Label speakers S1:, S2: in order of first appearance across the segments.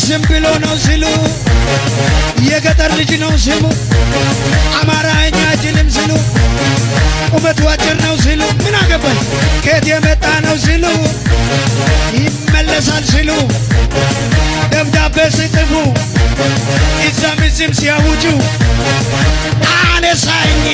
S1: ዝም ብሎ ነው ሲሉ የገጠር ልጅ ነው ስሙ አማርኛ አይችልም ሲሉ ቁመቱ አጭር ነው ሲሉ ምን አገባኝ ከየት የመጣ ነው ሲሉ ይመለሳል ሲሉ ደብዳቤ ሲጥፉ እዛም እዚህም ሲያውጁ አነሳኝ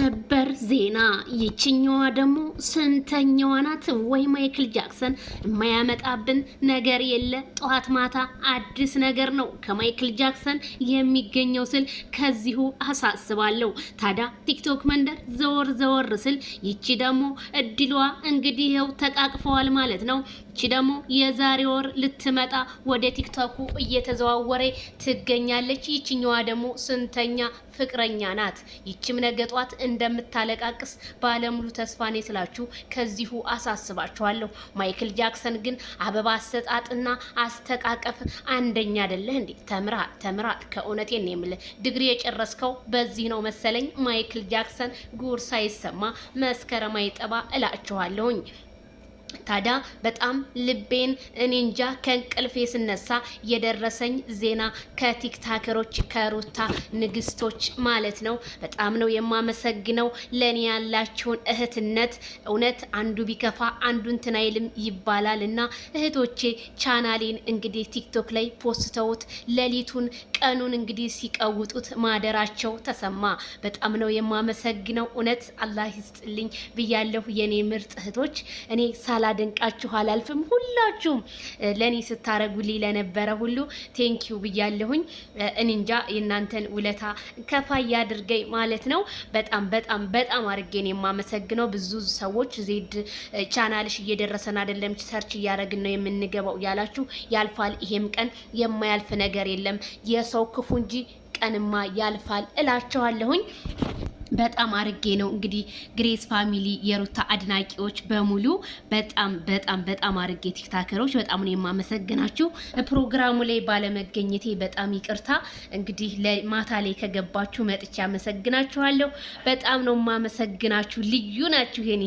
S2: ሰበር ዜና ዜና ይችኛዋ ደግሞ ስንተኛዋ ናት? ወይ ማይክል ጃክሰን የማያመጣብን ነገር የለ። ጠዋት ማታ አዲስ ነገር ነው ከማይክል ጃክሰን የሚገኘው ስል ከዚሁ አሳስባለሁ። ታዲያ ቲክቶክ መንደር ዘወር ዘወር ስል ይቺ ደግሞ እድሏ እንግዲህ ይኸው ተቃቅፈዋል ማለት ነው። ይቺ ደግሞ የዛሬ ወር ልትመጣ ወደ ቲክቶኩ እየተዘዋወረ ትገኛለች። ይችኛዋ ደግሞ ስንተኛ ፍቅረኛ ናት? ይችም ነገጧት እንደምታለቃቅ የሚያስለቅስ ባለሙሉ ተስፋ ነኝ ስላችሁ ከዚሁ አሳስባችኋለሁ። ማይክል ጃክሰን ግን አበባ አሰጣጥና አስተቃቀፍ አንደኛ አይደለህ እንዴ? ተምርሃል ተምርሃል። ከእውነቴን ነው የምልህ። ድግሪ የጨረስከው በዚህ ነው መሰለኝ። ማይክል ጃክሰን ጉር ሳይሰማ መስከረም አይጠባ እላችኋለሁኝ። ታዲያ በጣም ልቤን እኔ እንጃ ከእንቅልፌ ስነሳ የደረሰኝ ዜና ከቲክታከሮች ከሩታ ንግስቶች ማለት ነው። በጣም ነው የማመሰግነው ለእኔ ያላችሁን እህትነት። እውነት አንዱ ቢከፋ አንዱ እንትን አይልም ይባላል እና እህቶቼ ቻናሌን እንግዲህ ቲክቶክ ላይ ፖስተውት ሌሊቱን ቀኑን እንግዲህ ሲቀውጡት ማደራቸው ተሰማ። በጣም ነው የማመሰግነው። እውነት አላህ ይስጥልኝ ብያለሁ የኔ ምርጥ እህቶች። እኔ ሳላደንቃችሁ አላልፍም። ሁላችሁም ለእኔ ስታረጉልኝ ለነበረ ሁሉ ቴንኪዩ ብያለሁኝ። እንንጃ የእናንተን ውለታ ከፋ ያድርገኝ ማለት ነው። በጣም በጣም በጣም አድርጌን የማመሰግነው። ብዙ ሰዎች ዜድ ቻናልሽ እየደረሰን አይደለም ሰርች እያደረግን ነው የምንገባው ያላችሁ ያልፋል። ይሄም ቀን የማያልፍ ነገር የለም። ሰው ክፉ እንጂ ቀንማ ያልፋል እላቸዋለሁኝ። በጣም አርጌ ነው እንግዲህ ግሬስ ፋሚሊ የሩታ አድናቂዎች በሙሉ በጣም በጣም በጣም አርጌ ቲክታከሮች በጣም ነው የማመሰግናችሁ። ፕሮግራሙ ላይ ባለመገኘቴ በጣም ይቅርታ። እንግዲህ ማታ ላይ ከገባችሁ መጥቼ አመሰግናችኋለሁ። በጣም ነው የማመሰግናችሁ። ልዩ ናችሁ። ይሄን